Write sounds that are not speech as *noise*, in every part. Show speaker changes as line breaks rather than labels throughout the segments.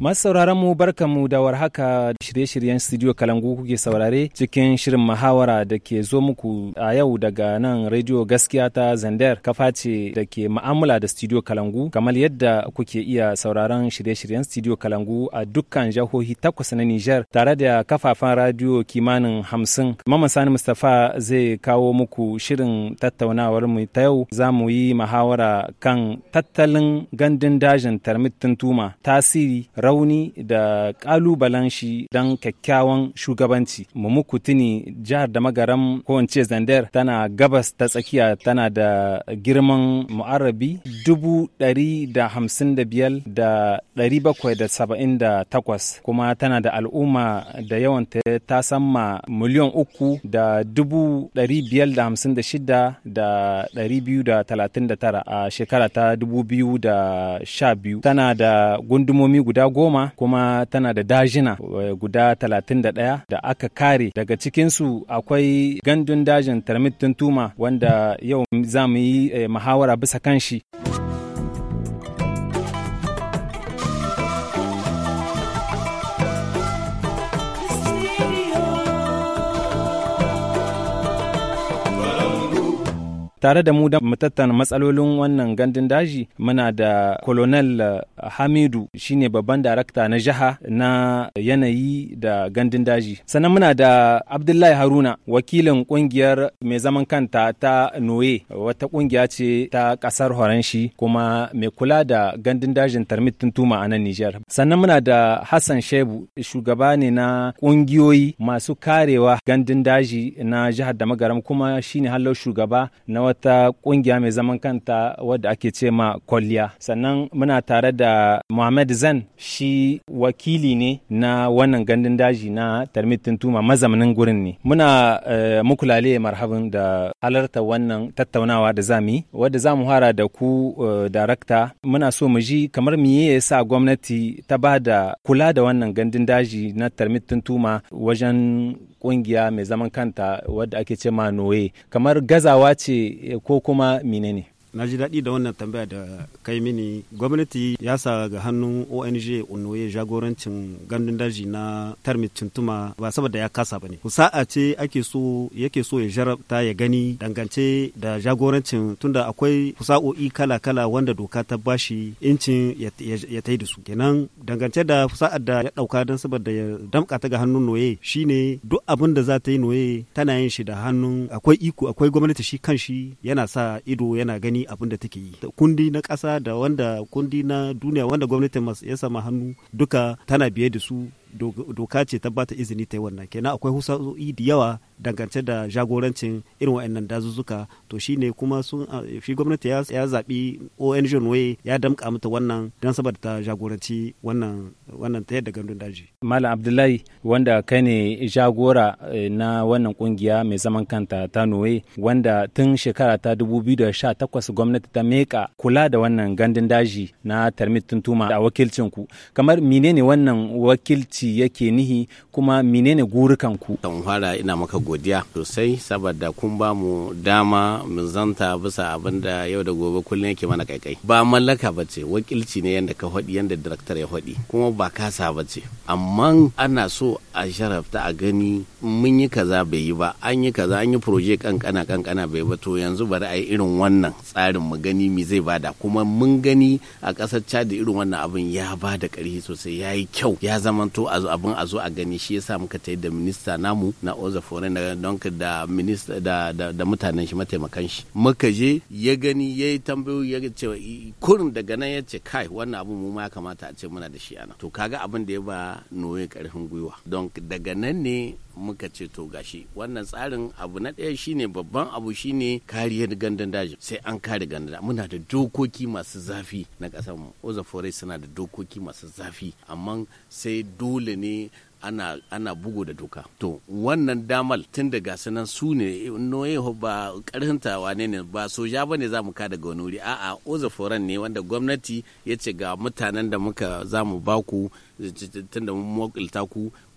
Masu sauraron mu mu da warhaka shirye-shiryen studio Kalangu kuke saurare cikin shirin muhawara da ke zo muku a yau daga nan rediyo gaskiya ta Zandar kafa ce da ke ma'amula da studio Kalangu kamar yadda kuke iya sauraron shirye-shiryen studio Kalangu a dukkan jahohi takwas na Nijar tare da kafafen radio kimanin hamsin. Mama Sani Mustapha zai kawo muku shirin tattaunawar mu ta yau za mu yi muhawara kan tattalin gandun dajin tarmitin tuma tasiri rauni da ƙalubalen shi don kyakkyawan shugabanci. Mu tuni jihar da magaram ko in ce Zandar tana gabas ta tsakiya tana da girman mu'arabi dubu ɗari da hamsin da biyar da ɗari bakwai da saba'in da takwas kuma tana da al'umma da yawan ta samma miliyan uku da dubu ɗari biyar da hamsin da shida da ɗari biyu da talatin da tara a shekara ta dubu biyu da sha biyu tana da gundumomi guda goma kuma tana da dajina eh, guda talatin da ɗaya da aka kare daga cikinsu akwai gandun dajin tarmit tuntuma wanda yau za mu yi eh, muhawara bisa kan shi. Tare da mu da mu matsalolin wannan gandun daji muna da Colonel eh, Hamidu shine babban darakta na jiha na yanayi da gandun daji. Sannan muna da Abdullahi Haruna wakilin kungiyar mai zaman kanta ta Noye wata kungiya ce ta kasar Horanshi kuma mai kula da gandun dajin Tarmit Tuntuma a nan Nijar. Sannan muna da Hassan Shebu shugaba ne na kungiyoyi masu karewa gandun daji na jihar da magaram kuma shine hallau shugaba na wata kungiya mai zaman kanta wadda ake ce ma kwalliya sannan muna tare da muhammad zan shi wakili ne na wannan gandun daji na tarmitin tuma mazamanin gurin ne muna eh, mukulale marhabin da halarta wannan tattaunawa da zami wadda za mu hara da ku eh, darakta muna so mu ji kamar miye ya sa gwamnati ta ba da kula da wannan gandun daji na tarmitin tuma wajen kungiya mai zaman kanta wadda ake ce ma noye kamar gazawa ce eh, ko kuma menene na ji daɗi
da wannan tambaya da kai mini gwamnati ya sa ga hannun ong unoye jagorancin gandun daji na termit cintuma ba saboda ya kasa ba ne sa'a ce ake so yake so ya jarabta ya gani dangance da jagorancin tunda akwai fusa'o'i kala-kala wanda doka ta bashi incin ya ta da su kenan dangance da fusa'ar da ya ɗauka don saboda ya damka ta ga hannun noye shine duk abin da za ta yi noye tana yin shi da hannun akwai iko akwai gwamnati shi kanshi. yana sa ido yana gani gani abin da take yi kundi na ƙasa da wanda kundi na duniya wanda gwamnatin masu ya sama hannu duka tana biye da su doka ce ta bata izini ta yi wannan kenan akwai husa'o'i da yawa dangance da jagorancin irin wa'annan dazuzzuka to shine kuma sun fi gwamnati ya zaɓi ONG Noye ya damƙa mata wannan don saboda ta jagoranci wannan wannan ta yadda gandun daji Malam Abdullahi wanda kai ne jagora eh, na wannan
kungiya mai zaman kanta ta Noye wanda tun shekara ta da 2018 gwamnati ta meka kula da wannan gandun daji na Tarmit Tuntuma a wakilcin ku kamar menene wannan wakilci adalci yake nihi kuma menene gurukan ku
kan fara ina maka godiya sosai saboda kun ba mu dama mu zanta bisa abin da yau da gobe kullum yake mana kaikai ba mallaka ba ce wakilci ne yadda ka faɗi yadda director ya faɗi kuma ba kasa ba ce amma ana so a sharafta a gani mun yi kaza bai yi ba an yi kaza an yi proje kankana kankana bai ba to yanzu bari a yi irin wannan tsarin mu gani mi zai bada kuma mun gani a ƙasar Chad irin wannan abin ya ba da ƙarfi sosai ya yi kyau ya zamanto abin a zo a gani shi yasa muka ta da minista namu na oza foreign don da minista da, da, da mutanen shi mataimakan shi muka je ya gani ya yi tambayoyi ya ce kurin daga nan ya ce kai wannan abin mu ma ya kamata a ce muna da shi ana to kaga abin da ya ba noye karfin gwiwa don daga nan ne muka ce to gashi wannan tsarin abu na ɗaya shine babban abu shine kariyar gandun daji sai an kare gandun daji muna da dokoki masu zafi na ƙasar mu oza suna da dokoki masu zafi amma sai do. dole ne ana, ana bugu da doka to wannan damal tun da gasu nan su ne noye ba karhinta wane ne ba soja ba ne za mu kada ga wani wuri a'a oza foran ne wanda gwamnati ya ce ga mutanen da muka za mu baku tun da mu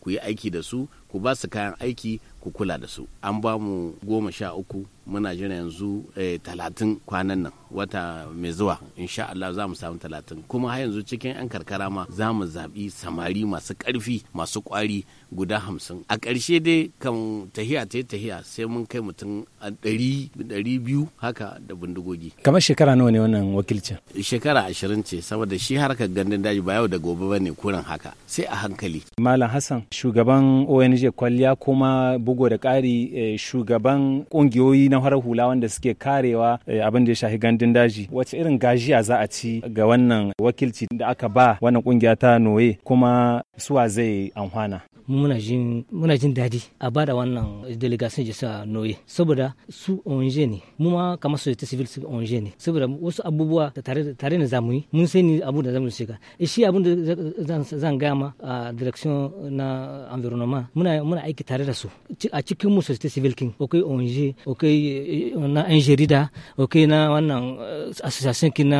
ku yi aiki da su ku ba su kayan aiki ku kula da su an ba mu goma sha uku muna jira yanzu eh, talatin kwanan nan wata mai zuwa insha Allah za mu samu talatin kuma har yanzu cikin 'yan karkara ma za mu zaɓi samari masu ƙarfi masu ƙwari guda hamsin a ƙarshe dai kan tahiya ta tahiya sai mun kai mutum ɗari ɗari biyu haka da bindigogi kamar shekara nawa ne wannan wakilcin shekara ashirin ce saboda shi harkar gandun daji ba yau da gobe ba ne kuran haka sai a hankali
malam hassan shugaban ong Birje Kwalliya kuma bugo da ƙari eh, shugaban ƙungiyoyi na farar hula wanda suke karewa eh, abin da ya shafi gandun daji. Wace irin gajiya za a ci ga wannan wakilci da aka ba wannan ƙungiya ta Noye kuma suwa zai amfana.
muna jin a ba da wannan delegation jisa noye saboda su onje ne mu ma kamar ta civil suka onje ne saboda wasu abubuwa da tare da ne zamu yi mun sai ni abu da zamu shiga eh, shi abun da zan gaya ma a direction na environnement muna muna muna aiki tare da su a cikin mu ta civil king akwai ONG eh, akwai na yan jarida eh, na wannan association na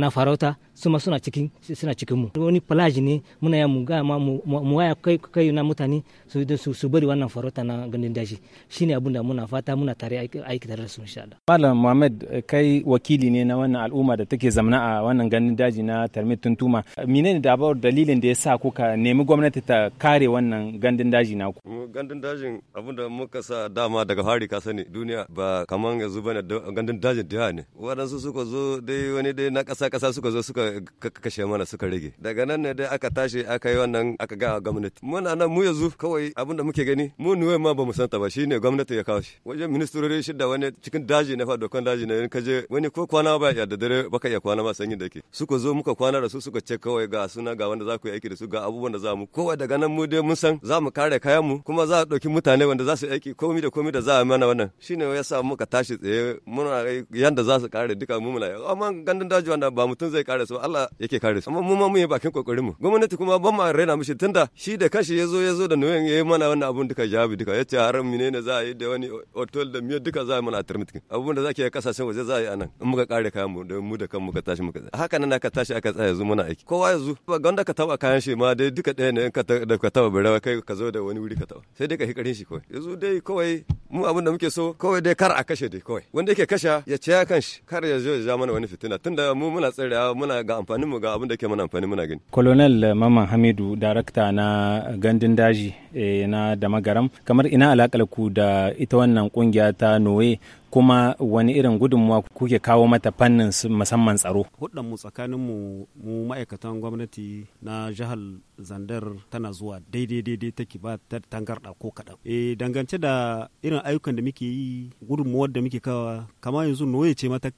na farauta suma suna cikin suna cikin mu wani plage ne muna ya muga ma mu waya kai kai na mutane su su su bari wannan farota na ganin daji shine abin da muna fata muna tare aiki tare da su insha Allah
Malam Muhammad kai wakili ne na wannan al'umma da take zamna a wannan ganin daji na Tarmit Tuntuma menene da abawar dalilin da yasa kuka nemi gwamnati ta kare wannan gandun daji naku
gandun dajin abin da muka sa dama daga fari ka sani duniya ba kaman yanzu bane gandun dajin da ne waɗansu suka zo dai wani dai na ƙasa ƙasa suka zo suka suka kashe mana suka rage daga nan ne dai aka tashi aka yi wannan aka ga gwamnati muna nan mu yanzu kawai abin da muke gani mu nuwe ma bamu santa ba shine gwamnati ya kawo shi wajen ministrori shida wani cikin daji na fa dokan daji ne kaje wani ko kwana ba ya da dare baka iya kwana ma sanyi da ke suka zo muka kwana da su suka ce kawai ga suna ga wanda za ku yi aiki da su ga abubuwan da za mu kowa daga nan mu dai mun san za mu kare kayan mu kuma za a ɗauki mutane wanda za su aiki komi da komi da za a mana wannan shine ya sa muka tashi tsaye muna yanda za su kare duka mu muna amma gandun daji wanda ba mutum zai kare su to Allah yake kare su amma mu ma mu yi bakin kokarin mu gwamnati kuma ban ma raina mishi tunda shi da kashi ya zo ya zo da nauyin ya yi mana wannan abun duka jabi duka yace har menene za a yi da wani hotel da miya duka za a yi mana alternative abun da zake yi kasashen waje za a yi anan in muka kare kayan mu da mu da kanmu ka tashi muka haka nan ka tashi aka tsaya yanzu muna aiki kowa yanzu ba ganda ka taba kayan shi ma dai duka ɗaya ne in ka taba birawa kai ka zo da wani wuri ka taba sai dai ka hikarin shi kawai yanzu dai kawai mu abin da muke so kawai dai kar a kashe dai kawai wanda yake kasha ya ciya kan shi kar ya zo ya ja mana wani fitina tunda mu muna tsirewa muna ga amfanin mu ga abin da ke mana amfani muna gani
colonel maman hamidu darakta na gandun daji eh, na damagaram kamar ina alakar ku da ita wannan kungiya ta Noe kuma wani irin gudunmuwa kuke kawo mata fannin musamman tsaro
hudun mu tsakanin mu ma'aikatan gwamnati na jihar zandar tana zuwa daidai daidai take ba ta tangarda ko kaɗan e dangance da irin ayyukan da muke yi gudunmuwar da muke kawa kama yanzu noye ce ma ta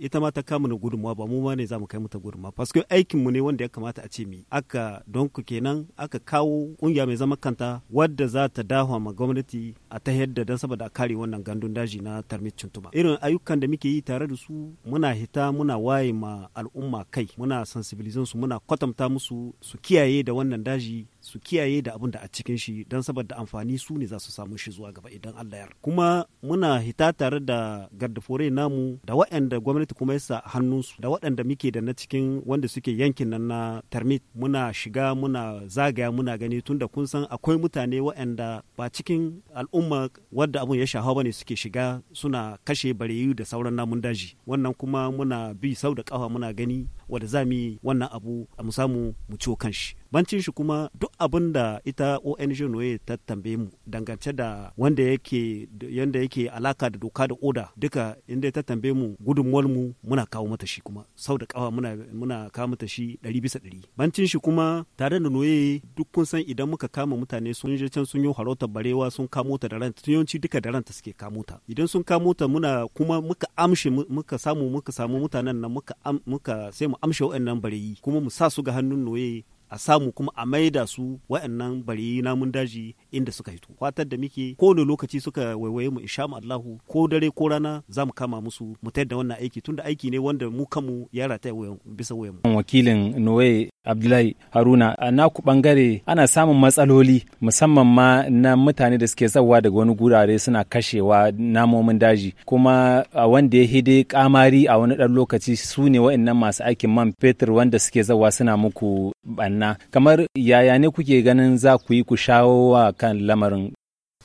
ita ma ta gudunmuwa ba mu ma ne za mu kai mata gudunmuwa paske aikin mu ne wanda ya kamata a ce mi aka don ku kenan aka kawo kungiya mai zama kanta wadda za ta dahwa ma gwamnati a ta yadda don saboda a kare wannan gandun daji na tarmit tuntuba irin ayyukan da muke yi tare da su muna hita muna waye ma al'umma kai muna sensibilizansu su muna kwatanta musu su kiyaye da wannan daji su kiyaye da abin da a cikin shi don saboda amfani su ne za su samu shi zuwa gaba idan Allah ya kuma muna hita tare da gardafore namu da waɗanda gwamnati kuma yasa hannunsu da waɗanda muke da na cikin wanda suke yankin nan na termit muna shiga muna zagaya muna gani tunda kun san akwai mutane waɗanda ba cikin al'umma wadda abun ya shahawa ne suke shiga suna kashe bareyu da sauran namun daji wannan kuma muna bi sau da kafa muna gani wadda za mu yi wannan abu a mu samu mu ciwo kanshi bancin shi kuma duk abin da ita ONG Noye ta tambaye mu dangance da wanda yake yanda yake alaka da doka da oda duka inda ta tambaye mu gudunmuwar mu muna kawo mata shi kuma sau da kawa muna muna kawo mata shi ɗari bisa ɗari bancin shi kuma tare da Noye duk kun san idan muka kama mutane sun je can sun yi harautar barewa sun kamo ta da ranta yawanci duka da ranta suke kamo ta idan sun kamo ta muna kuma muka amshi muka samu muka samu mutanen nan muka muka sai mu amshe wa'annan bareyi kuma mu sa su ga hannun Noye a samu kuma a da su wa'annan bari namun daji inda suka fito fatar da muke kowane lokaci suka waiwaye mu insha Allahu ko dare ko rana za mu kama musu mu da wannan aiki tunda aiki ne wanda mu kanmu ya rataya bisa wayan
mu wakilin Noe Abdullahi Haruna a naku bangare ana samun matsaloli musamman ma na mutane da suke zawa daga wani gurare suna kashewa namomin daji kuma a wanda ya hide kamari a wani dan lokaci su ne wa'annan masu aikin man fetur wanda suke zawa suna muku banna kamar yaya ne kuke ganin za ku yi ku shawo wa kan lamarin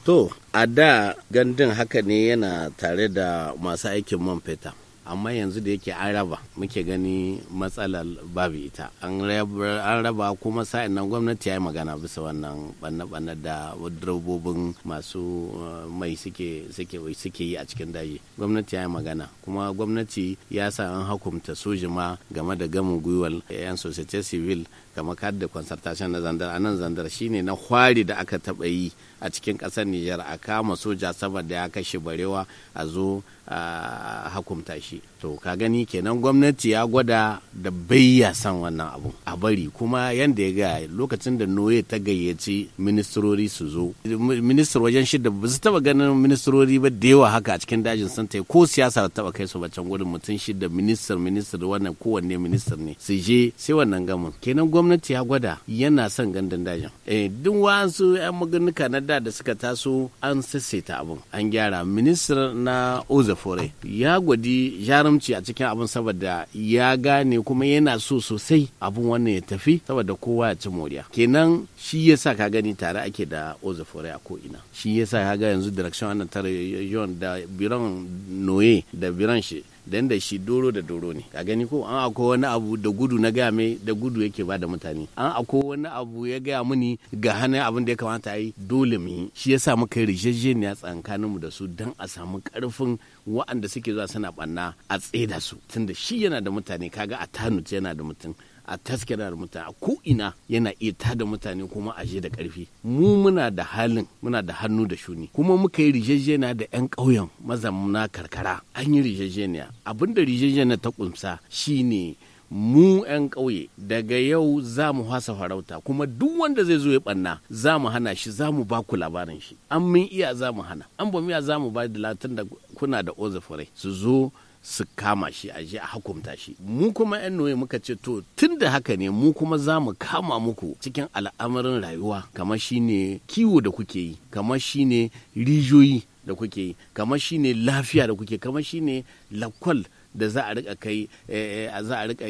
to a da gandun haka ne yana tare da masu aikin man fetur amma yanzu da yake an raba muke gani matsalar babu ita an raba kuma sa'in nan gwamnati ya yi magana bisa wannan banna-banna da durobobin masu eh, mai suke yi a cikin daji gwamnati ya yi magana kuma gwamnati ya sa an hukumta soji ma game da gamin gwiwar 'yan societe civil kamar da concertation na zandar a nan zandar shine na kwari da aka taɓa yi a cikin ƙasar Nijar a kama soja saboda ya kashe barewa a zo a hakumta shi to ka gani kenan gwamnati ya gwada da bayya san wannan abu a bari kuma yanda ya ga lokacin da noye ta gayyaci ministrori su zo ministar wajen shida ba su taba ganin ministrori ba da yawa haka a cikin dajin sun ta ko siyasa ta taba kai su bacan gudun mutum shida ministar ministar wannan kowanne ministar ne su je sai wannan gamin kenan gwamnati ya gwada yana son gandun dajin eh duk wa'ansu 'yan maganuka na da da suka taso an sassaita abin an gyara ministar na ozafore ya gwadi jarumci a cikin abin saboda ya gane kuma yana so sosai abin wannan ya tafi saboda kowa ya ci moriya kenan shi yasa ka gani tare ake da ozafore a ko'ina shi yasa ka ga yanzu direction wannan tare da biran noye da biran shi dan da shi doro da doro ne a gani ko an akwai wani abu da gudu na gaya mai da gudu yake ba da mutane an akwai wani abu ya gaya mini ga hannun abin da ya kamata a yi dole mu yi shi yasa muka yi rijejjeniya tsakanin mu da su dan a samu karfin wa'anda suke zuwa suna banna a da su tunda shi yana da mutane kaga a tanut yana da mutum a taskirar mutane ko ina yana iya tada mutane kuma a da karfi mu muna da halin muna da hannu da shuni kuma muka yi rijejjena da yan ƙauyen mazamuna karkara an yi rijejjeniya abinda rijejjena ta kunsa shine mu 'yan ƙauye daga yau za mu hasa farauta kuma duk wanda zai zo ya banna za mu hana shi za mu ba ku labarin shi an min iya za mu hana an ba iya za mu ba da latin da kuna da ozafurai su zo su kama shi a je a hukunta shi mu kuma yan noye muka ce to tun da haka ne mu kuma za mu kama muku cikin al'amarin rayuwa kamar shine kiwo da kuke yi kamar shine rijiyoyi da kuke yi kamar shine lafiya da kuke kamar shine lakwal da za a rika kai eh, eh, za a rika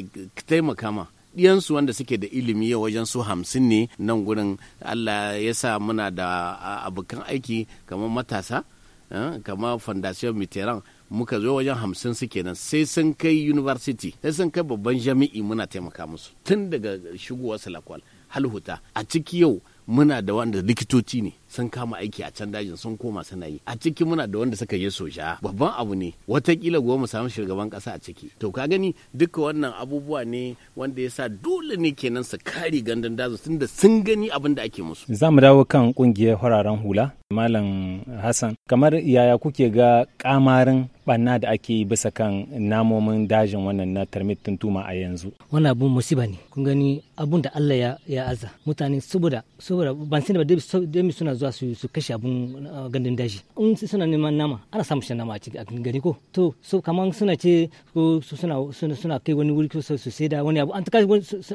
taimaka ma diyansu wanda suke da ilimi ya wajen su hamsin ne nan gurin allah ya sa muna da abokan aiki kamar matasa eh, kamar fondation mitterrand muka zo wajen hamsin su kenan sai sun kai university sai sun kai babban jami'i muna taimaka musu tun daga shigowar lakwal halhuta a ciki yau muna da wanda likitoci ne sun kama aiki a can dajin sun koma suna yi a ciki muna da wanda suka yi soja babban abu ne watakila gobe samun shugaban kasa a ciki to ka gani duka wannan abubuwa ne wanda ya sa dole ne kenan su kare gandun dazu tun da sun gani abin da ake musu
za mu dawo kan kungiyar hararen hula malam hassan kamar yaya kuke ga kamarin banna da ake yi bisa kan namomin dajin wannan na termit tuntuma a yanzu
wannan abun musiba ne kun gani abun da Allah ya, aza mutane saboda saboda ban da ba suna zuwa su su kashe abun uh, gandun daji in su suna neman nama ana samun shi nama a cikin gari ko to so kaman suna ce ko suna suna kai wani wuri ko su sai da wani abu an taka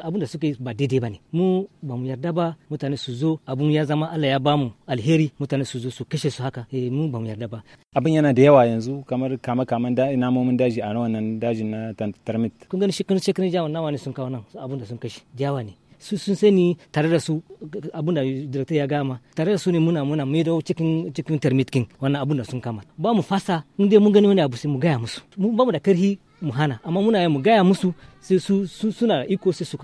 abun da suke ba daidai bane mu ba mu yarda ba mutane su zo abun ya zama Allah ya bamu alheri mutane su zo su kashe su haka eh mu ba mu yarda ba
abin yana da yawa yanzu kamar kama kaman da namomin daji a wannan dajin na tarmit
kun gani shi kun shi kun ja wannan ne sun kawo nan abun da sun kashe jawa ne su sun sani tare da su abun da director ya gama tare da su ne muna muna maido cikin cikin termit king wannan abun da sun kama ba mu fasa in dai mun gani wani abu sai mu gaya musu mu ba mu da karhi mu hana amma muna mu gaya musu sai su suna iko sai su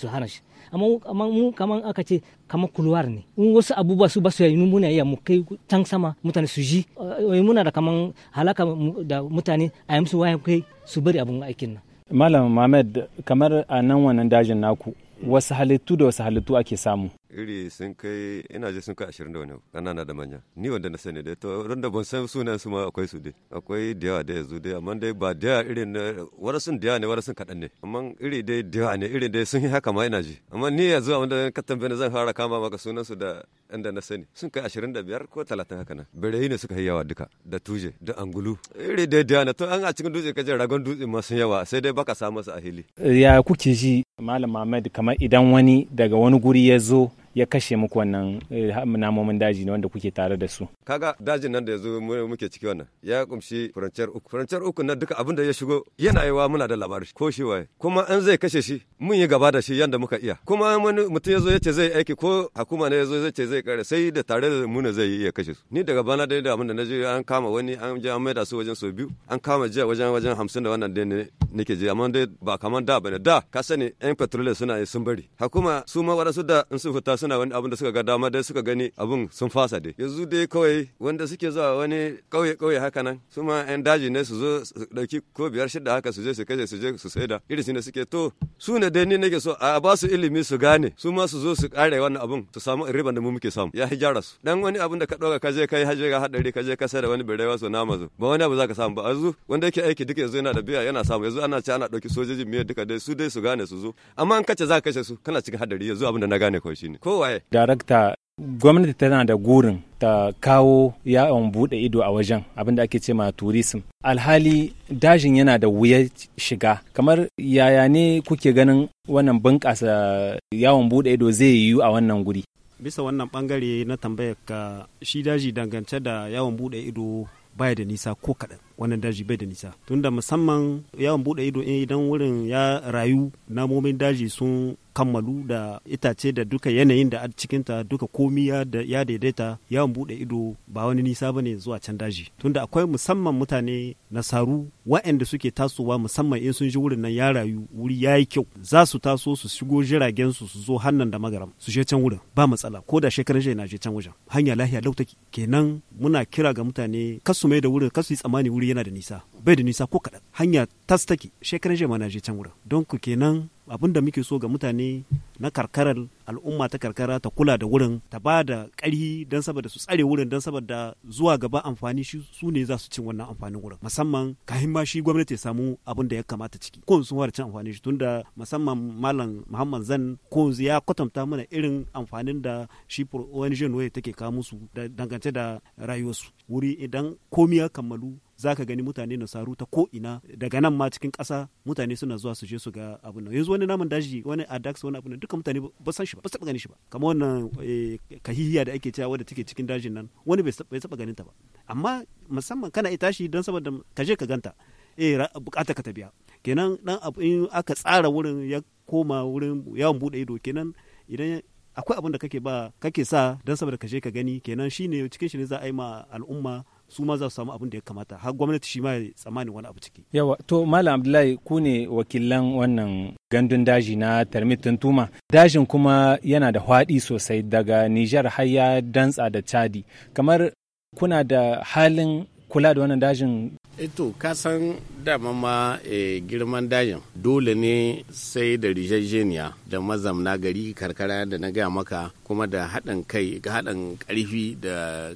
su hana shi amma mu kaman aka ce kama kulwar ne in wasu abubuwa su ba su yi muna yi mu kai can sama mutane su ji eh, eh, muna da kaman halaka da mutane a yi musu wayan kai su bari abun aikin nan
malam Mohamed kamar a nan wannan dajin naku wasu halittu da wasu halittu ake samu
iri sun kai ina je sun kai ashirin da wani ƙanana da manya ni wanda na sani dai to wanda ban san sunan su ma akwai su dai akwai da yawa da yanzu dai amma dai ba da yawa irin warasun da yawa ne sun kaɗan ne amma iri dai da yawa ne iri dai sun yi haka ma ina ji amma ni yanzu wanda ka tambaye zan fara kama maka sunan su da inda na sani sun kai ashirin da biyar ko talatin haka nan birai ne suka yi yawa duka da tuje da angulu iri dai da yawa to an a cikin dutse kaje ragon dutse ma sun yawa sai dai baka samu su a hili ya
kuke ji malam Ahmed kamar idan wani daga wani guri ya zo ya kashe muku wannan eh, namomin daji ne wanda kuke tare da su
kaga dajin nan da yanzu muke ciki wannan ya kumshi furancar uku Furancar uku na duka abin da ya shigo yana yawa muna da labari ko shi waye kuma an zai kashe shi mun yi gaba da shi yanda muka iya kuma wani mutum ya yace zai aiki ko hakuma ne ya yace zai kare sai da tare da mu ne zai iya kashe su ni daga bana dai da abin da naje an kama wani an je an maida su wajen so biyu an kama jiya wajen wajen hamsin da wannan dai ne nake ji amma dai ba kamar da bane da ka sani yan petrol suna sun bari Hakuma su ma wadansu da in sun fita suna wani abin da suka ga dama dai suka gani abin sun fasa dai yanzu dai kawai wanda suke zuwa wani kauye kauye haka nan su ma yan daji ne su zo su dauki ko biyar shida haka su je su kashe su je su saida irin su ne suke to su ne dai ni nake so a ba su ilimi su gane su ma su zo su kare wannan abin su samu riban da mu muke samu ya hijara su dan wani abin da ka dauka ka je kai haje ga hadari ka je ka sai da wani birai wasu nama zo ba wani abu zaka samu ba yanzu wanda yake aiki duka yanzu yana da biya yana samu yanzu ana ce ana dauki sojoji miyar duka dai su dai su gane su zo amma an kace za ka kashe su kana cikin hadari yanzu abin da na gane kawai shine ko
kowaye. Darakta gwamnati tana da gurin ta kawo yawon buɗe ido a wajen abin da ake ce ma turism alhali dajin yana da wuya shiga kamar yaya ne kuke ganin wannan bunƙasa yawon buɗe ido zai yiwu a wannan
guri bisa wannan bangare na tambayar ka shi daji dangance da yawon buɗe ido baya da nisa ko kaɗan wannan daji bai da nisa tunda musamman yawon bude ido idan wurin ya rayu namomin daji sun kammalu da itace da duka yanayin da a cikinta duka komi ya daidaita yawon bude ido ba wani nisa ba ne zuwa can daji tunda akwai musamman mutane nasaru wa'anda suke tasowa musamman in sun ji wurin nan ya rayu wuri ya yi kyau za su taso su shigo jiragen su su zo hannan da magaram su je can wurin ba matsala ko da shekaran jiya na je can wajen hanya lahiya lautaki kenan muna kira ga mutane kasu mai da wurin kasu yi tsammani wuri yana da nisa bai da nisa ko kaɗan hanya tas take shekaran jema na je can wurin don ku kenan abin da muke so ga mutane na karkarar al'umma ta karkara ta kula da wurin ta ba da ƙarhi don saboda su tsare wurin don saboda zuwa gaba amfani shi su ne za su cin wannan amfanin wurin musamman kahin ma shi gwamnati ya samu abin da ya kamata ciki ko sun fara cin amfani shi tunda musamman malam muhammad zan ko ya kwatanta mana irin amfanin da shi ONG ne take kawo musu dangance da rayuwarsu wuri idan komi ya kammalu za ka gani mutane na saru ta ko ina daga nan ma cikin ƙasa mutane suna zuwa su je su ga abin nan yanzu wani naman daji wani adax wani abun nan duka mutane ba san shi ba ba taɓa gani shi ba kamar wannan eh, kahihiya da ake cewa wadda take cikin dajin nan wani bai taɓa ganin ta ba amma musamman kana ita shi don saboda ka je ka ganta eh bukata ka ta biya kenan dan abu in aka tsara wurin ya koma wurin yawon bude ido kenan idan akwai abin da kake ba kake sa don saboda ka je ka gani kenan shine cikin shi ne za a yi ma al'umma su ma za su samu abin da ya kamata har gwamnati shi ma ya tsammanin wani abu ciki
yawa to malam abdullahi ku ne wakilan wannan gandun daji na tarmitin tuma dajin kuma yana da hwaɗi sosai daga nijar har ya dantsa da chadi kamar kuna da halin kula da wannan dajin
eto eh kasan dama ma e, girman dajin dole ne sai da rijajeniya da mazamna gari karkara da na gaya maka kuma da haɗin kai haɗin ƙarfi da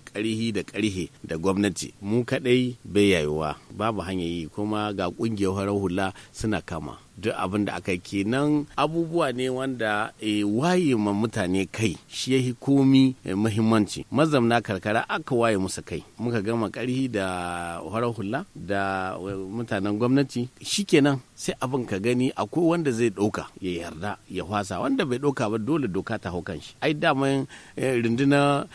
ƙarfi da ƙarhe da gwamnati mu kaɗai bai yayuwa babu hanyayi kuma ga ƙungiyar hula suna kama duk abin da aka kenan abubuwa ne wanda e, waye ma mutane kai shi ya komi e, muhimmanci mazamna karkara aka waye musu kai muka gama karhi da horar hula da eh, mutanen gwamnati shikenan sai abin ka gani akwai wanda zai ɗauka ya yarda ya fasa wanda bai ɗauka ba dole doka ta haukan shi ai daman rinduna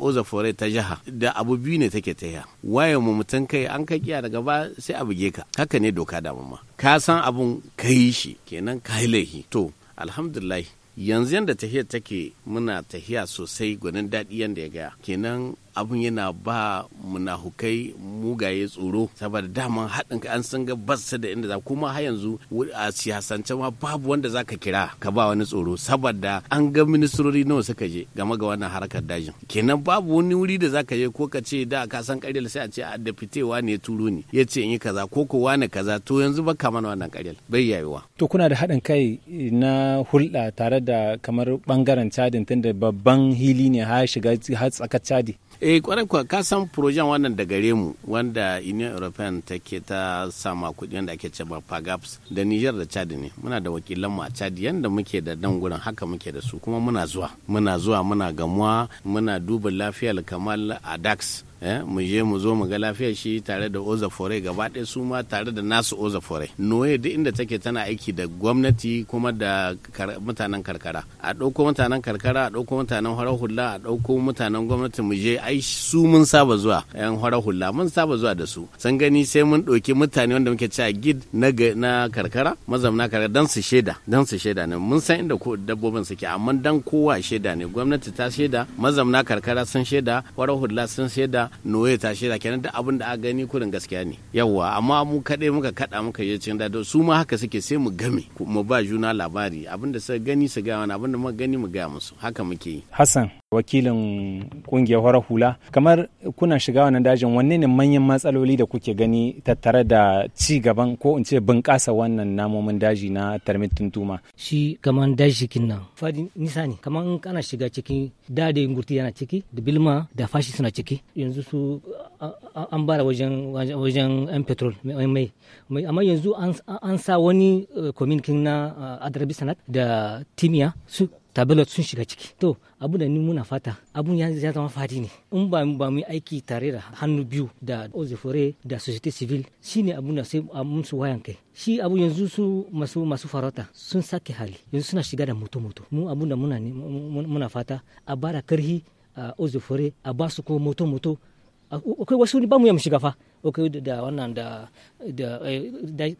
oza fore ta jiha da abu biyu ne take ta waye mu mutum kai an ka kiya daga ba sai a buge ka haka ne doka da ma ka san abun ka yi shi kenan ka yi laihi to alhamdulillah yanzu yadda tahiyar take muna tahiya sosai gwanin daɗi yadda ya gaya kenan abun yana ba munahukai mugaye tsoro saboda daman haɗin ka an san ga basu da inda za kuma har yanzu a siyasance ma babu wanda zaka kira ka ba wani tsoro saboda an ga ministrori nawa suka je game ga wannan harkar dajin kenan babu wani wuri da zaka je ko ka ce da ka san ƙaryar sai a ce a da fitewa ne ya turo ne ya ce in yi kaza ko ko wani kaza to yanzu ba ka mana wannan ƙaryar bai yayuwa
to kuna da haɗin kai na hulɗa tare da kamar bangaren cadin tunda babban hili ne har shiga har tsakar cadi
eh kwarai kuwa ka san projen wannan da gare mu wanda union european take ta sama kuɗi wanda ake cewa pagaps da niger da chad ne muna da wakilan mu a chad yanda muke da dan gurin haka muke da su kuma muna zuwa muna zuwa muna gamuwa muna duba lafiyar kamal a dax Eh, mu je mu zo mu ga lafiyar shi tare da oza fore gaba ɗaya su ma tare da nasu oza fore noye duk inda take tana aiki da gwamnati kuma da mutanen karkara a ɗauko mutanen karkara a ɗauko mutanen horar hula a ɗauko mutanen gwamnati mu je ai su mun saba zuwa yan horar hula mun saba zuwa da su san gani sai mun ɗauki mutane wanda muke cewa gid na karkara mazamna karkara dan su shaida dan su shaida ne mun san inda ko dabbobin suke amma dan kowa shaida ne gwamnati ta shaida mazamna karkara sun shaida horar hula sun shaida noye ta shaida kenan duk abin da aka gani kurin gaskiya ne yawwa amma mu kaɗai muka kaɗa muka yi cikin dadon su ma haka suke sai mu game mu ba juna labari abin da suka gani su gaya mana abin da muka gani mu gaya musu haka muke yi
hassan wakilin kungiyar horar hula kamar kuna shiga wannan dajin wanne ne manyan matsaloli da kuke gani tattare da ci gaban ko in ce bunƙasa wannan namomin
daji na tarmit tuntuma shi kamar daji nan fadi nisa ne kamar in kana shiga ciki da ngurti yana ciki da bilma da fashi suna ciki yanzu su an bara wajen wajen yan petrol mai mai amma yanzu an sa wani eh, kwaminkin na eh, adrabi sanat da timiya su tablet sun shiga ciki to abu da ni muna fata abun ya zama fadi ne in ba ba mu aiki tare da hannu biyu da ozefore da societe civil shine abu da sai musu wayan kai shi abu yanzu su masu masu farauta sun sake hali yanzu suna shiga da moto moto mu abu da muna muna fata a bara karhi a ozefore a basu ko moto moto akwai wasu ba mu ya mu shiga fa ok da wannan da da eh,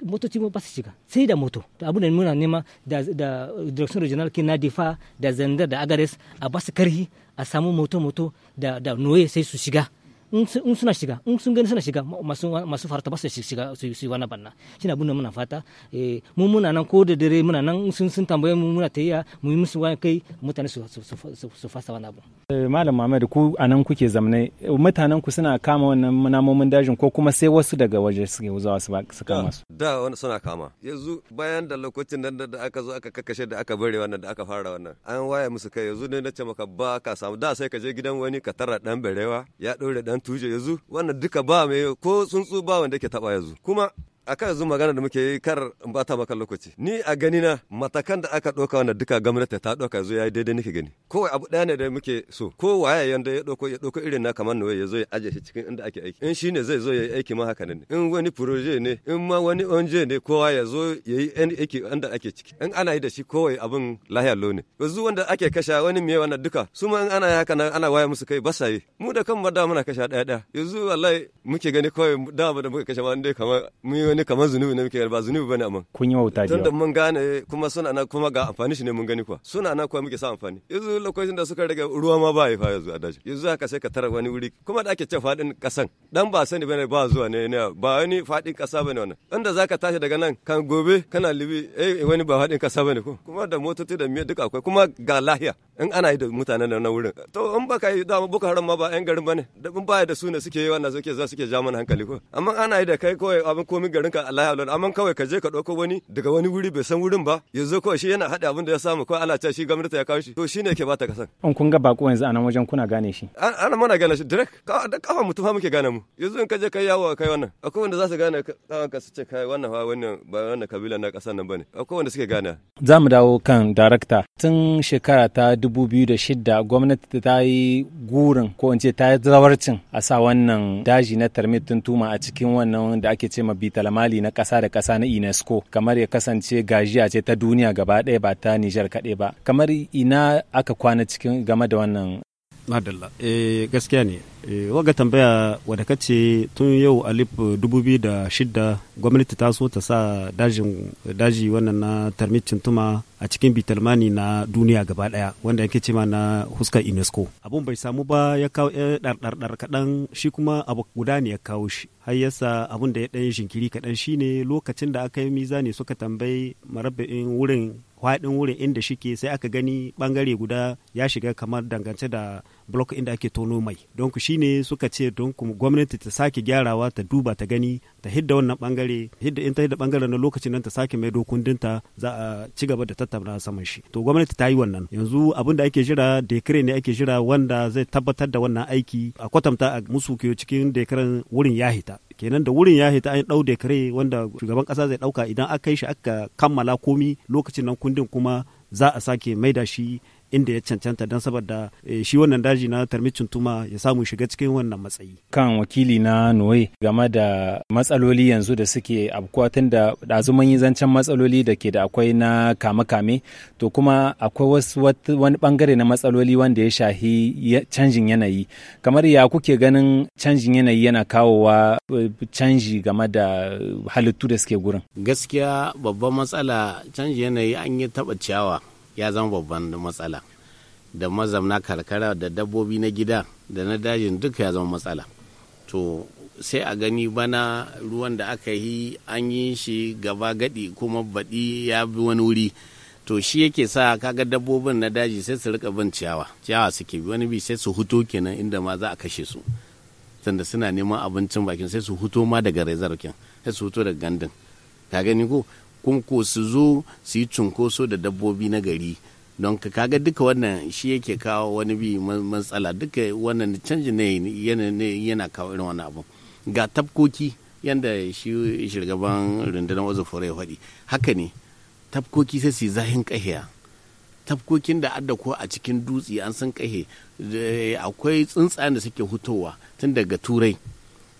motoci ba su shiga sai da moto to abu da muna nema da da direction regional ke na difa da zandar da agares a basu karhi a samu moto moto da da noye sai su shiga in suna shiga in sun gani suna shiga masu masu farta basu shiga su yi wani banna shine abin da muna fata e, mu muna nan ko da dare muna nan sun sun tambaye mu muna tayya mu yi musu wani kai mutane su su fasa wani abu
e, malam Muhammad ku anan kuke zamne e, mutanen ku suna kama wannan namomin dajin ko kuma sai wasu daga waje suke zuwa su kama
su da wani suna kama yanzu bayan da lokacin nan da aka zo aka kakkashe da aka bare wannan da aka fara wannan an waye musu kai yanzu ne na ce maka ba ka samu da sai ka je gidan wani ka tara dan barewa ya dore dan an tuje yanzu wannan duka ba mai ko tsuntsu ba wanda ke taba yanzu kuma akan yanzu magana da muke yi kar in ta maka lokaci ni a gani na matakan da aka ɗauka wanda duka gwamnati ta ɗauka zo yayi daidai nake gani kowai abu ɗaya ne da muke so ko waye yanda ya ɗauko ya ɗauko irin na kamar nawa ya zo ya aje shi cikin inda ake aiki in ne zai zo ya yi aiki ma haka ne in wani proje ne in ma wani onje ne kowa ya zo an aiki inda ake ciki in ana yi da shi kowai abin lahiya lo ne yanzu wanda ake kasha wani miye wannan duka su ma in ana haka nan ana waya musu kai ba sa yi mu da kan ma da muna kasha ɗaya ɗaya yanzu wallahi muke gani kawai da da muka kasha ma inda kamar mu wani kamar zunubi ne muke ba zunubi bane amma kun yi wauta da tunda mun gane kuma suna na kuma ga amfani shi ne mun gani kuwa suna na kuwa muke sa amfani yanzu lokacin da suka rage ruwa ma ba ya fa yanzu a daji yanzu haka sai ka tara wani wuri kuma da ake ce fadin kasan dan ba sani bane ba zuwa ne ne ba wani fadin kasa bane wannan inda zaka tashi daga nan kan gobe kana libi eh wani ba fadin kasa bane ko kuma da motoci da miya duka akwai kuma ga lahiya in ana yi da mutanen nan wurin to in baka yi da boko haram ma ba yan garin bane da mun ba da su ne suke yi wannan suke za suke ja mana hankali ko amma ana yi da kai kawai abin komi garin ka Allah ya lura amma kawai ka je ka ɗauko wani daga wani wuri bai san wurin ba yanzu ko shi yana haɗa abin da ya samu ko ana cewa shi gwamnati ya kawo shi to shine ke bata kasan an kun
ga bako yanzu anan wajen kuna gane shi
ana mana gane shi direct da kafa mutum fa muke gane mu yanzu in ka je kai yawo kai wannan akwai wanda za su gane kawai ka su ce kai wannan fa wannan ba wannan kabila na kasan nan bane akwai wanda suke gane
za mu dawo kan director tun shekara ta 2006 gwamnati ta yi gurin ko in ce ta yi zawarcin a sa wannan daji na tarmit tuntuma a cikin wannan da ake ce ma bitalama mali na ƙasa da ƙasa na UNESCO kamar ya kasance gajiya ce ta duniya gaba ɗaya ba ta Nijar kaɗai ba kamar ina aka kwana cikin game
da wannan Madalla, eh, gaskiya ne. Eh, waga tambaya wadda ka ce tun yau alif eh, shida gwamnati ta so ta sa eh, daji wannan na tarmicin tuma a cikin bitalmani na duniya gaba daya wanda yake cewa na huskar UNESCO. Abun bai samu ba ya kawo dar-dar-dar kaɗan shi kuma abu guda ne ya kawo shi. Har yasa abun da ya ɗan shinkiri kaɗan shine lokacin da aka yi mizani suka tambayi marabbin wurin faɗin wurin inda shike sai aka gani ɓangare guda ya shiga kamar dangance da block inda ake tono mai don ku shine suka ce don ku gwamnati ta sake gyarawa ta duba ta gani ta hidda wannan bangare hidda in ta hidda bangare na lokacin nan ta sake mai dokundinta za a ci gaba da tattauna saman shi to gwamnati ta yi wannan yanzu abin da ake jira dekare ne ake jira wanda zai tabbatar da wannan aiki a kwatanta a musu cikin dekaren wurin ya hita kenan da wurin ya hita an dau dekare wanda shugaban kasa zai dauka idan aka yi shi aka kammala komi lokacin nan kundin kuma za a sake maida shi inda ya cancanta don saboda eh, shi wannan daji na tarmicin tuma ya samu shiga cikin wannan matsayi.
Kan wakili na Noe game da matsaloli yanzu da suke abkuwa tun da ɗazuman yi zancen matsaloli da ke da akwai na kame-kame to kuma akwai wasu wani bangare na matsaloli wanda ya shahi canjin yanayi. Kamar ya kuke ganin canjin yanayi yana kawowa eh, canji game da halittu da suke gurin.
Gaskiya babban matsala canjin yanayi an yi taɓa ciyawa. ya zama babban matsala da mazamna karkara da dabbobi na gida da na dajin duka ya zama matsala to sai a gani bana ruwan da aka yi an yi shi gaba gadi kuma baɗi ya bi wani wuri to shi yake sa kaga dabbobin na daji sai su rika bin ciyawa ciyawa suke bi wani bi sai su huto kenan inda ma za a kashe su tunda suna neman abincin bakin sai su huto ma daga rezarkin sai su huto daga gandun ka gani ko kun ko su zo su yi cunkoso da dabbobi na gari don ka kaga duka wannan shi yake kawo wani bi matsala duka wannan canji ne yana kawo irin wani abu ga tafkoki yadda shi shirgaban rundunar wazafura ya faɗi haka ne tafkoki sai su zahin kahiya tafkokin da adda ko a cikin dutse an san kahe eh, akwai tsuntsayen da suke hutowa tun daga turai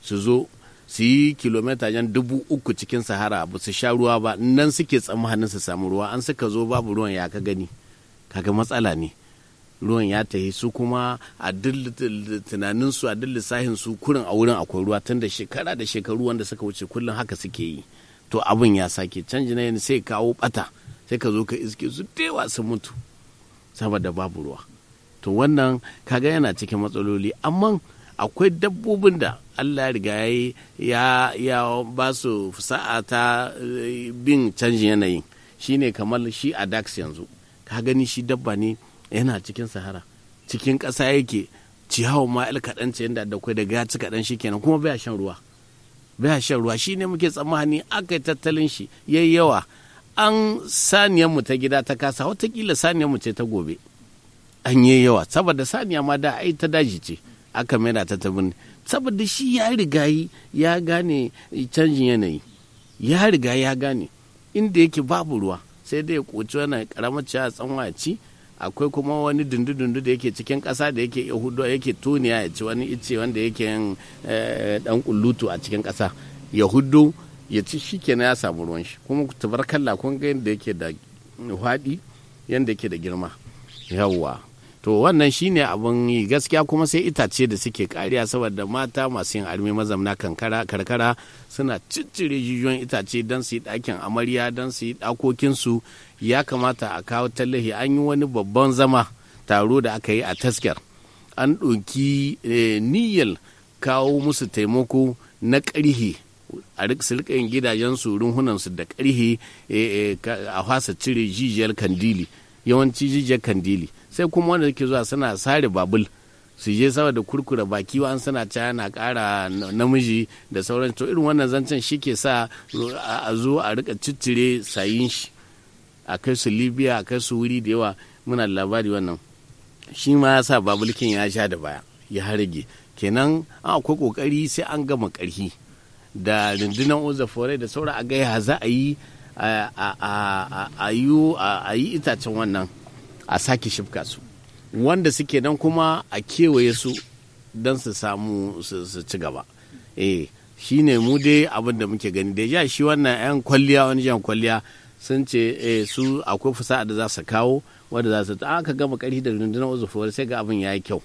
su zo su yi kilomita yan dubu uku cikin sahara ba su sha ruwa ba nan suke tsammanin su samu ruwa an suka zo babu ruwan ya ka gani kaga matsala ne ruwan ya tahi su kuma a tunanin su a lissahin su kurin a wurin akwai ruwa tun da shekara da shekaru wanda suka wuce kullum haka suke yi to abin ya sake canji na yana sai kawo bata sai ka zo ka iske su dewa su mutu saboda babu ruwa to wannan kaga yana cikin matsaloli amma akwai dabbobin da Allah riga ya ya ba su fusa'a ta eh, bin canjin yanayin shine kamar shi a dax yanzu ka gani shi dabba ne yana cikin sahara cikin ƙasa yake ciyawa ma el kaɗan ce yadda da daga da gaci kaɗan shi kenan kuma baya shan ruwa baya shan ruwa shi ne muke tsammani aka yi tattalin shi yayi yawa an saniyan mu ta gida ta kasa watakila saniyar mu ce ta gobe an yi yawa saboda saniya ma da ai ta daji ce aka maida ta ta saboda shi ya riga ya gane canjin yanayi ya riga ya gane inda yake babu ruwa sai dai ya koci wani karamar ciya tsanwa ci akwai kuma wani dundu-dundu da yake cikin ƙasa da yake yahudu yake tuniya ya ci wani ice wanda yake yin dan eh, kullutu a cikin ƙasa yahudu ya ci shi kenan ya samu ruwan shi kuma tabarkalla kun ga yadda yake da mm, haɗi yadda yake da girma yawwa to wannan shine abin yi gaskiya kuma sai itace da suke kariya saboda mata masu yin armi mazamna kankara karkara suna ciccire jijiyoyin itace don su yi ɗakin amarya don su yi ɗakokinsu ya kamata a kawo tallahi an yi wani babban zama taro da aka yi a taskar an ɗauki eh, niyyar kawo musu taimako na ƙarhe a rika yin su runhunansu da ƙarhe eh, eh, a fasa cire jijiyar kandili yawanci jijiyar kandili sai kuma wanda ke zuwa suna sare babul su je sama da kurkura baki wa an suna caya na kara namiji da sauran to irin wannan zancen shi ke sa a zo a rika ciccire sayin shi a kai su libya a kai su wuri da yawa muna labari wannan shi ma ya sa babulkin ya sha da baya ya harage kenan an akwai kokari sai an gama karhi da rundunar ozafore da saura a gaya za a yi a yi itacen wannan a sake shifka su wanda suke nan kuma a kewaye su don su samu su ci gaba eh shi ne mu dai abinda muke gani da ya shi wannan 'yan kwalliya wani jan kwalliya sun ce eh, su akwai fasaha da za su kawo wanda za su ta aka gama karfi da rundunar uzufuwar sai ga abin ya yi kyau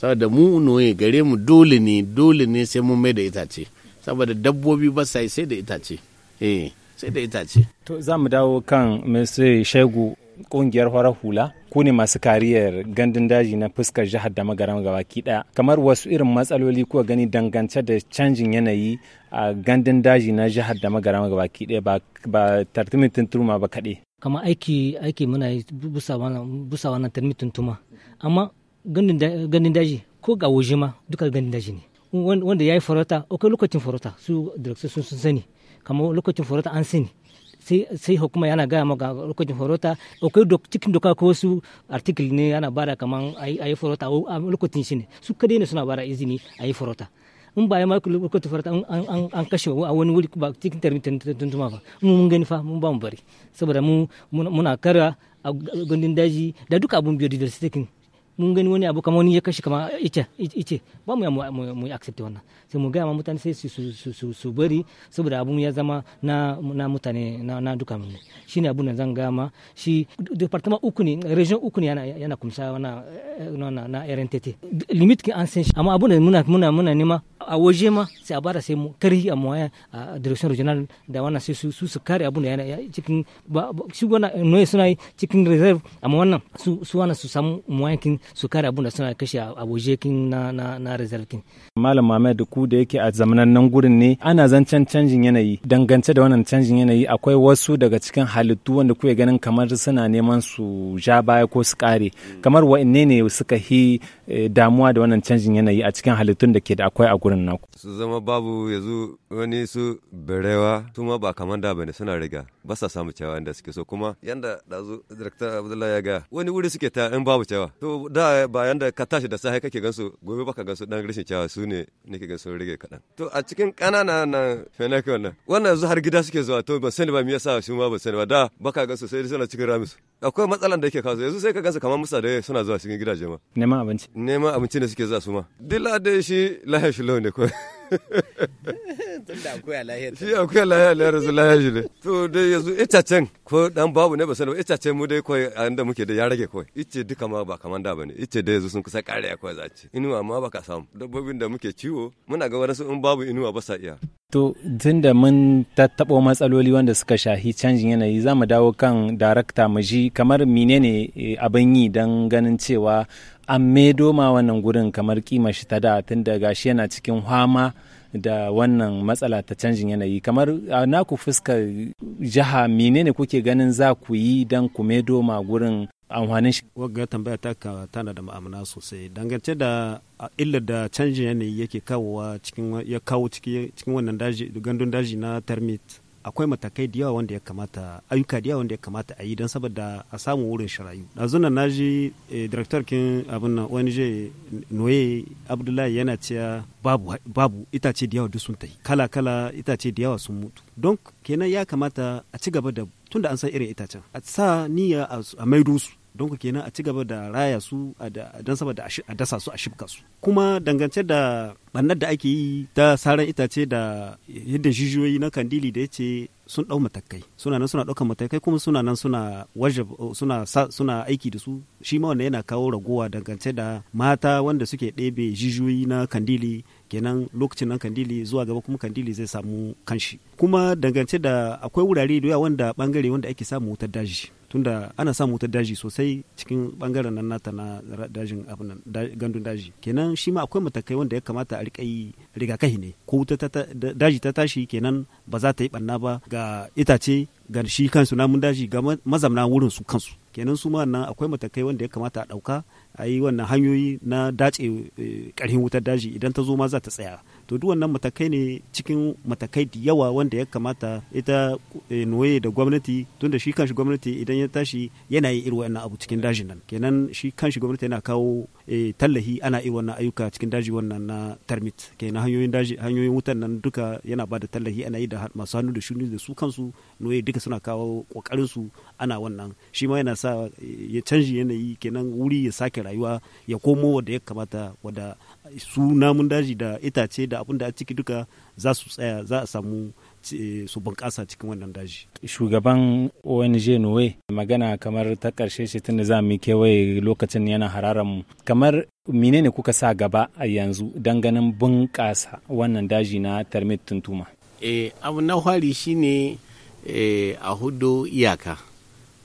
saboda mu noye gare mu dole ne dole ne sai mun mai da itace saboda dabbobi ba sai sai da itace eh sai da itace
to za mu dawo kan sai shegu kungiyar farar hula ku ne masu kariyar gandun daji na fuskar jihar da magaram gabaki daya kamar wasu irin matsaloli kuwa gani dangance da canjin yanayi a gandun daji na jihar da magaram gabaki daya ba tartumin tuntuma ba kaɗe
kama aiki aiki muna yi busa wannan tartimin tuntuma amma gandun daji ko ga waje ma duka gandun daji ne wanda ya yi farauta akwai lokacin farauta su sun sani kamar lokacin farauta an sani sai hukuma yana gaya maka lokacin farauta akwai cikin doka ko wasu article ne yana bada kaman a yi farauta a lokacin shi ne su kadai ne suna bada izini a yi farauta in ba ya ma lokacin farauta an kashe a wani wuri ba cikin tarmitin tuntuma ba mun gani fa mun ba mu bari saboda mu muna kara a gandun daji da duka abun su mun gani wani abu kamar wani ya kashe kama ice ice ba mu ya mu accept wannan sai mu gaya ma mutane sai su su su su bari saboda abun ya zama na na mutane na na duka mu ne abun da zan gaya ma shi department uku ne region uku ne yana yana kumsa wannan eh, na na RNTT limit ki an san shi amma abun da muna muna muna nema a waje ma sai a bada sai mu tarihi a mawaya a direction regional da wannan sai su su kare abun da yana cikin shi gona noye suna yi cikin reserve amma wannan su su wannan su samu kin su kare abun da suna kashe a waje kin na na na reserve kin
malam mamad ku da yake a zamanan nan gurin ne ana zancan canjin yanayi dangance da wannan canjin yanayi akwai wasu daga cikin halittu wanda kuke ganin kamar suna neman su ja baya ko su kare kamar wa'anne ne suka hi eh, damuwa da wannan canjin yanayi a cikin halittun da ke da akwai a gurin wurin naku
su zama babu yanzu wani su berewa su ma ba kamar da bane suna riga ba sa samu cewa inda suke so kuma yanda dazu director abdullahi ya ga wani wuri suke ta in babu cewa to da ba yanda ka tashi da sai kake gansu gobe baka gansu dan rishin cewa su ne nake gansu rige kadan to a cikin kanana na fenake wannan wannan yanzu har gida suke zuwa to ban sani ba me yasa su ma ban sani ba da baka gansu sai suna cikin ramis akwai matsalan da yake kawo yanzu sai ka gansu kamar musa da suna zuwa cikin gidaje ma neman abinci neman abinci ne suke zuwa su ma dila da shi lahashi nawa ne kawai *laughs* tunda akuya lahiya shi akuya ya lahiya rasu lahiya shi ne to dai yanzu itacen ko dan babu ne ba sani ba itacen mu dai kawai a inda muke dai ya rage kawai ice duka ma ba kaman da ba ne ice dai yanzu sun kusa kare ya kawai za inuwa ma ba ka samu dabbobin da muke ciwo muna ga wadansu in babu inuwa ba sa iya
To tunda mun tattaɓo matsaloli wanda suka shahi canjin yanayi za mu dawo kan darakta mu ji kamar menene eh, abin yi don ganin cewa an me doma wannan gurin kamar kima shi ta da tun da gashi yana cikin hama da wannan matsala ta canjin yanayi kamar na ku fuskar jiha menene kuke ganin za ku yi don ku me doma gurin
amfanin shi wagga tambaya ta tana da ma'amuna sosai dangance da illa da canjin yanayi yake ya kawo cikin wannan gandun daji na termite akwai matakai da yawa wanda ya kamata ayyuka da yawa wanda ya kamata a yi don saboda a samu wurin shirayu ɗazu nan na ji eh, director kin abin nan ong noye abdullahi yana cewa babu babu itace da yawa duk sun tafi kala kala itace da yawa sun mutu don kenan ya kamata a ci gaba da tunda an san irin itacen a sa niyya a maido su don ku kenan a ci gaba da raya su don saboda a dasa su a shibka su kuma dangance da bannar da ake yi ta saran itace da yadda jijiyoyi na kandili da ya ce sun ɗau matakai suna nan suna ɗaukan matakai kuma suna nan suna wajib suna suna aiki da su shi ma wannan yana kawo ragowa dangance da mata wanda suke ɗebe jijiyoyi na kandili kenan lokacin nan kandili zuwa gaba kuma kandili zai samu kanshi kuma dangance da akwai wurare da yawa wanda bangare wanda ake samu wutar daji tunda ana samu wutar daji sosai cikin bangaren nan nata na dajin abin gandun daji kenan shi ma akwai matakai wanda ya kamata a rika yi rigakafi ne ko wuta daji ta tashi kenan ba za ta yi ɓanna ba ga itace ga shi kansu namun daji ga mazamna wurin su kansu kenan su ma nan akwai matakai wanda ya kamata a ɗauka a yi wannan hanyoyi na dace karhin eh, wutar daji idan ta zo ma za ta tsaya to duk wannan matakai ne cikin matakai da yawa wanda ya kamata ita eh, noye da gwamnati tunda shi kanshi gwamnati idan ya tashi yana yi irin wannan abu cikin dajin nan kenan shi kanshi gwamnati yana kawo eh, tallahi ana yi wannan ayyuka cikin daji wannan na termit kenan hanyoyin daji hanyoyin wutan nan duka yana ba da tallahi ana yi da masu hannu da shuni da su kansu noye duka suna kawo kokarin su ana wannan shi ma yana sa eh, ya canji yanayi kenan wuri ya sake rayuwa ya komo wanda ya kamata wanda su namun daji da itace da abin da a ciki duka za su tsaya za a samu eh, su bunƙasa cikin wannan daji.
Shugaban ONG Noe magana kamar ta ƙarshe shi tun da za mu kewaye lokacin yana hararan mu. Kamar menene kuka sa gaba a yanzu don ganin bunƙasa wannan daji na termit tuntuma?
eh abu na hwari shine e, a hudu iyaka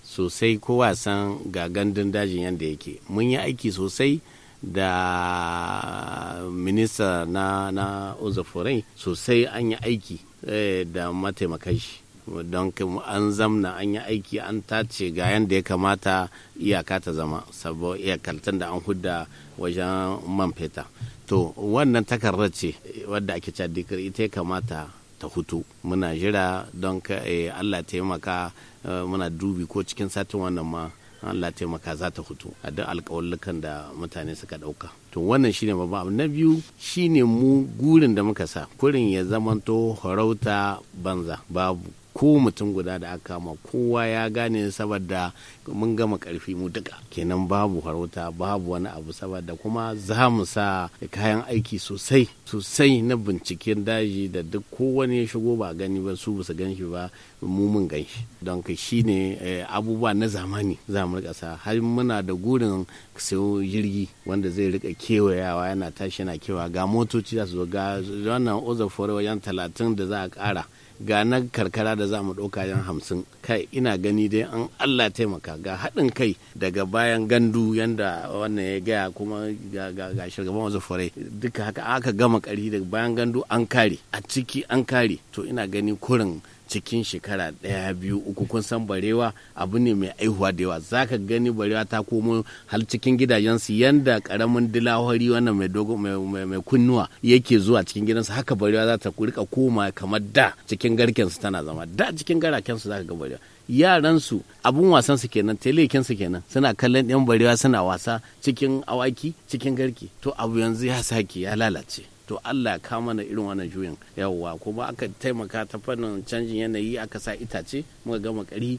sosai kowa san ga gandun dajin yadda yake. Mun yi aiki sosai. da minista na na uzafurai sosai an yi aiki eh, da mataimakan shi don an zamna an yi aiki an tace ga yadda ya kamata iyaka ta zama sabo iyakaltan da an hudda wajen man feta to wannan takardar ce wadda ake cewa dikir ita ya kamata ta hutu muna jira don eh, Allah taimaka eh, muna dubi ko cikin satin wannan ma Allah taimaka za ta hutu a duk alkawallukan da mutane suka ɗauka to wannan shine babban abu na biyu shine mu gurin da muka sa kurin ya zamanto harauta banza babu ko mutum guda da aka kama kowa ya gane saboda mun gama karfi mu duka kenan babu harauta babu wani abu saboda kuma za mu sa kayan aiki sosai sosai na binciken daji da duk kowane ya shigo ba gani ba su bisa ganshi ba mu mun gan shi don ka shi ne eh, abubuwa na zamani za mu rika sa har muna da gurin sayo jirgi wanda zai rika kewayawa yana tashi yana kewa ga motoci za su zo ga wannan ozafore wajen talatin da za a kara ga na karkara da za mu ɗauka yan hamsin kai ina gani dai an allah taimaka ga haɗin kai daga bayan gandu yanda wannan ya gaya kuma ga shugaban wasu fure duka haka aka gama kari daga bayan gandu an kare a ciki an kare to ina gani kurin cikin shekara ɗaya biyu uku kun san barewa abu ne mai aihuwa da yawa za ka gani barewa ta komo har cikin gidajensu yanda karamin dilahori wannan mai dogo mai kunnuwa yake zuwa cikin gidansu haka barewa za ta rika koma kamar da cikin garkensu tana zama da cikin garakensu za ka ga barewa yaransu abun wasan wasansu kenan su kenan suna kallon yan barewa suna wasa cikin awaki cikin garki to abu yanzu ya sake ya lalace to Allah ya mana irin wannan juyin yawwa kuma aka taimaka ta fannin canjin yanayi aka sa itace muka gama kari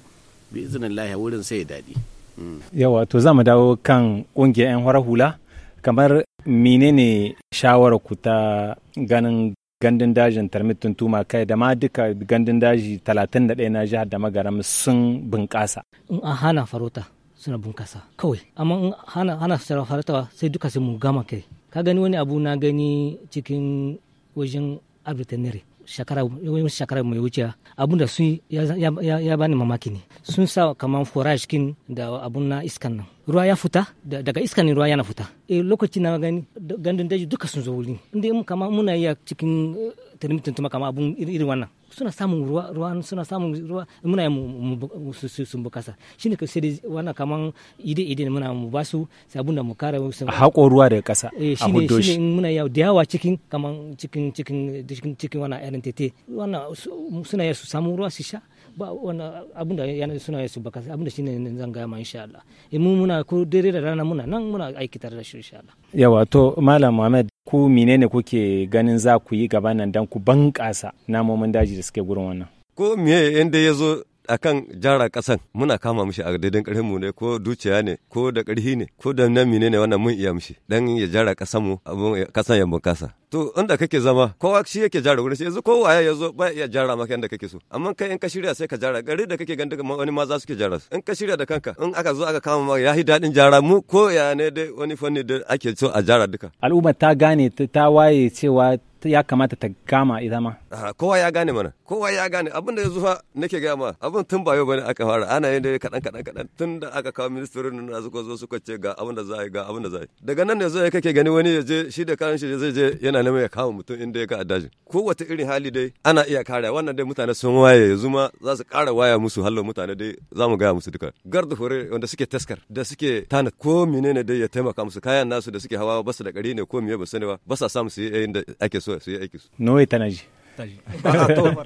bi iznillahi wurin sai ya daɗi. Mm.
yawa to zamu dawo kan ƙungiyar 'yan hura hula kamar menene shawarar ku ta ganin gandun dajin tarmit tuntuma kai da ma duka gandun daji 31 na jihar da magaram sun bunkasa
in an hana farauta suna bunƙasa kawai amma in hana hana farauta sai duka sai mu gama kai ka gani wani abu na gani cikin wajen abritanere shakara mai wuce abun da sun ya bani mamaki ne sun sa kamar forage kin da abun na iskan nan ruwa ya fita daga iskan ne ruwa yana fita e lokaci na gani gandun daji duka sun zo wuri inda in kama muna yi cikin turmitin eh, tuma abun irin wannan suna samun ruwa ruwa suna samun ruwa muna yi sun bukasa ne ka sai wannan kaman ide ide muna mu ba su sabun da mu kare su hako ruwa daga kasa eh, a hudo shi ne muna yawo da yawa cikin kaman cikin cikin cikin cikin wannan irin tete wannan suna yi su samu ruwa su sha ba wannan abin da yana suna yi su bukasa abin da ne zan ga ma insha Allah eh, mu muna ko dare da rana muna nan muna aiki tare da shi insha Allah
yawa to malam Muhammad ku menene kuke ganin za ku yi gaba nan dan ku bunƙasa namomin daji da suke gurin wannan
ko miye yanda ya zo a kan jara kasan muna kama mishi a daidan karfin mu ne ko dukiya ne ko da karhi ne ko da nan ne wannan mun iya mishi dan ya jara kasan mu kasan ya bunkasa to inda kake zama kowa shi yake jara wurin shi yanzu ko ya zo ba iya jara maka inda kake so amma kai in ka shirya sai ka jara gari da kake ganda wani ma za su ke jara in ka shirya da kanka in aka zo aka kama maka yahi dadin jara mu ko ya ne dai wani fanni da ake so a jara duka
al'umma ta gane ta waye cewa ya kamata ta gama ita ma.
Kowa ya gane mana, kowa ya gane abin da ya zufa nake gaya ma abin tun ba yau bane aka fara ana yin da kaɗan kaɗan kaɗan tun da aka kawo ministerin nuna suka zo suka ce ga abin da za a yi ga abin da za a yi. Daga nan ne zai kake gani wani ya je shi da karan shi zai je yana neman ya kawo mutum inda ya ka addaji. Kowace irin hali dai ana iya kare wannan dai mutane sun waye yanzu ma za su ƙara waya musu hallo mutane dai za mu gaya musu duka. Gardu hore wanda suke taskar da suke tana ko menene dai ya taimaka musu kayan nasu da suke hawa basu da ƙari ne ko miye ba sani ba ba sa samu su yi da ake so so ya yi su.
Nawa tana ji?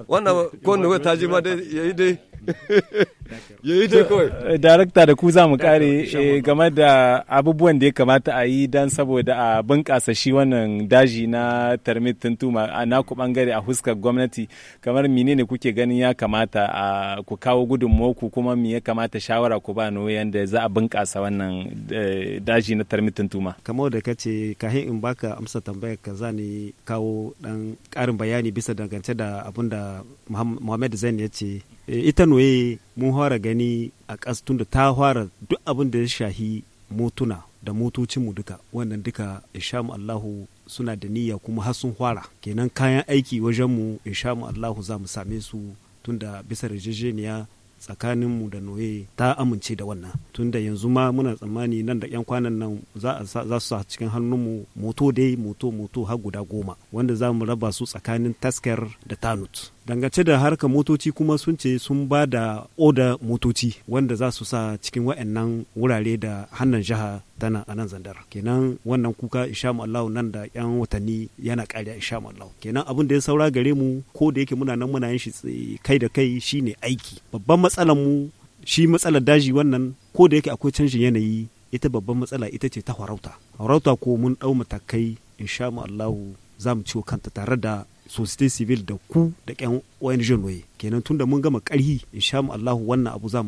Wannan ko nawa ta ji ma dai ya yi dai *laughs* Eh,
darakta da ku za mu kare eh, game da abubuwan da ya kamata a yi dan saboda a bunƙasa shi wannan daji na termit tuntuma a naku bangare a huskar gwamnati kamar mine ne kuke ganin ya kamata a ku kawo gudun ku kuma me ya kamata shawara ku ba no yanda za a bunƙasa wannan eh, daji na termit tuntuma
kamar da kace kahin in baka amsa tambayar ka za ni kawo dan karin bayani bisa dangance da abin da Muhammad Zain ya ce Eh, ita noye mun fara gani a ƙas tunda ta fara duk abin da ya shahi motuna da motocinmu duka wannan duka ishamu allahu suna da niyya kuma har sun fara kenan kayan aiki wajen wajenmu ishamu allahu za mu same su tunda da bisa yarjejeniya tsakaninmu da noye ta amince da wannan tunda yanzu ma muna tsammani nan da 'yan kwanan nan za su sa cikin hannunmu moto dai moto moto har guda goma wanda za mu raba su tsakanin taskar da tanut dangace da harkar motoci kuma sun ce sun ba da oda motoci wanda za su sa cikin wa'annan wurare da hannun jiha tana a nan zandara kenan wannan kuka isha Allah nan da yan watanni yana ƙarya insha allahu kenan abin da ya saura gare mu ko da yake muna nan muna yin shi kai da kai shine aiki babban matsalar mu shi matsalar daji wannan ko da yake akwai canjin yanayi ita babban matsala ita ce ta harauta harauta ko mun dau matakai insha allahu za mu ciwo kanta tare da société civile de coup de 'yan wani Noye kenan tunda mun gama ƙarhi sha mu Allahu wannan abu za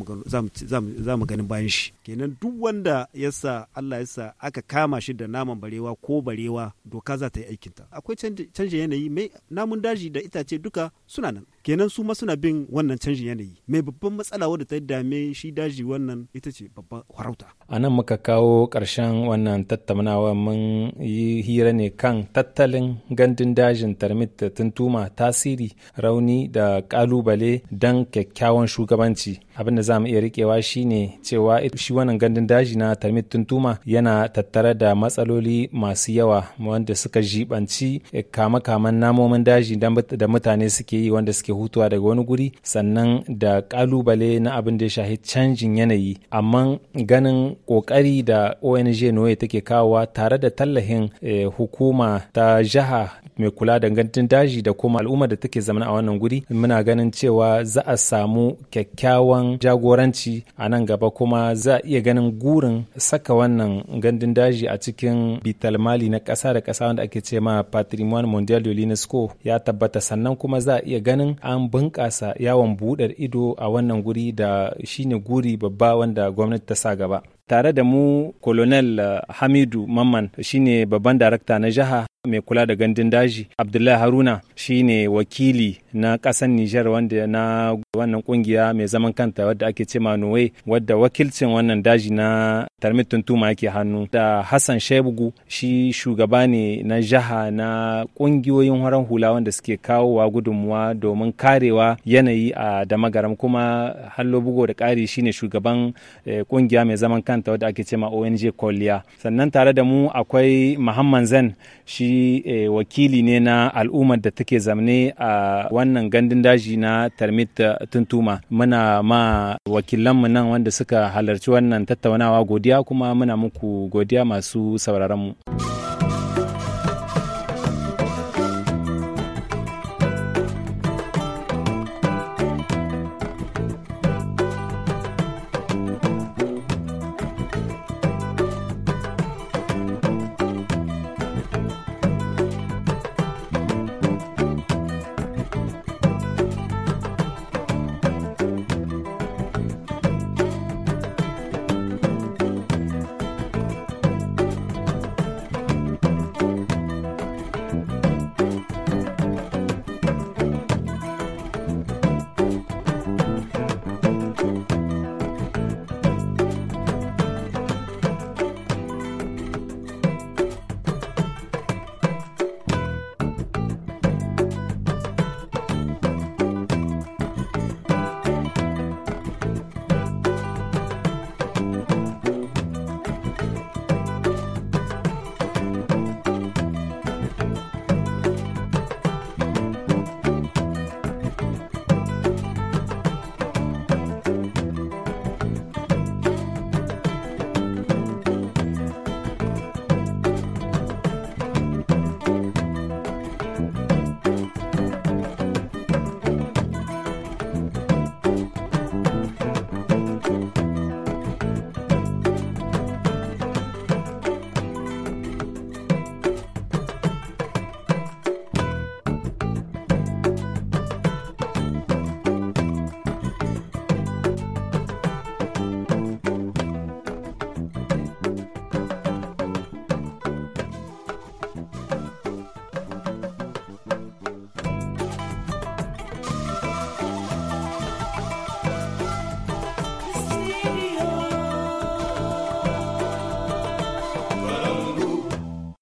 mu ganin bayan shi kenan duk wanda ya sa Allah ya sa aka kama shi da naman barewa ko barewa doka za ta yi aikinta akwai canjin yanayi mai namun daji da itace duka suna nan kenan su ma suna bin wannan canjin yanayi mai babban matsala wadda ta dame shi daji wannan ita ce babban farauta
a nan muka kawo ƙarshen wannan tattaunawa mun yi hira ne kan tattalin gandun dajin tarmit tuntuma tasiri rauni da kalubale don kyakkyawan shugabanci abin da za mu iya rikewa shine cewa shi wannan gandun daji na tarmit tuntuma yana tattare da matsaloli masu yawa wanda suka jibanci kama-kaman namomin daji da mutane suke yi wanda suke hutuwa daga wani guri sannan da kalubale na abin da ya shahi canjin yanayi amma ganin kokari da ong noye take kawowa tare da tallahin eh, hukuma ta jiha mai kula da gandun daji da kuma al'ummar da take zama a wannan guri maiduguri muna ganin cewa za a samu kyakkyawan jagoranci a nan gaba kuma za a iya ganin gurin saka wannan gandun daji a cikin bitalmali na ƙasa da ƙasa wanda ake ce ma patrimoine mondial de l'unesco ya tabbata sannan kuma za a iya ganin an bunƙasa yawon buɗar ido a wannan guri da shine guri babba wanda gwamnati ta sa gaba tare da mu kolonel eh, hamidu mamman shine babban darakta na jiha mai kula da gandun daji abdullahi haruna shine wakili na kasan nijar wanda na wannan kungiya mai zaman kanta wadda ake ce ma nowe wadda wakilcin wannan daji na tarmit tuntuma yake hannu da hassan shebugu shi shugaba ne na jiha na kungiyoyin horon hula wanda suke kawo wa gudunmuwa domin karewa yanayi a damagaram kuma hallo bugo da kari shine shugaban kungiya eh, mai zaman kanta kanta wadda ake cema ONG kwalliya Sannan tare da mu akwai Muhammad Zan shi eh, wakili ne na al'ummar da take zamne a wannan gandun daji na Termit Tuntuma. Muna ma wakilanmu nan wanda suka halarci wannan tattaunawa godiya kuma muna muku godiya masu sauraron mu.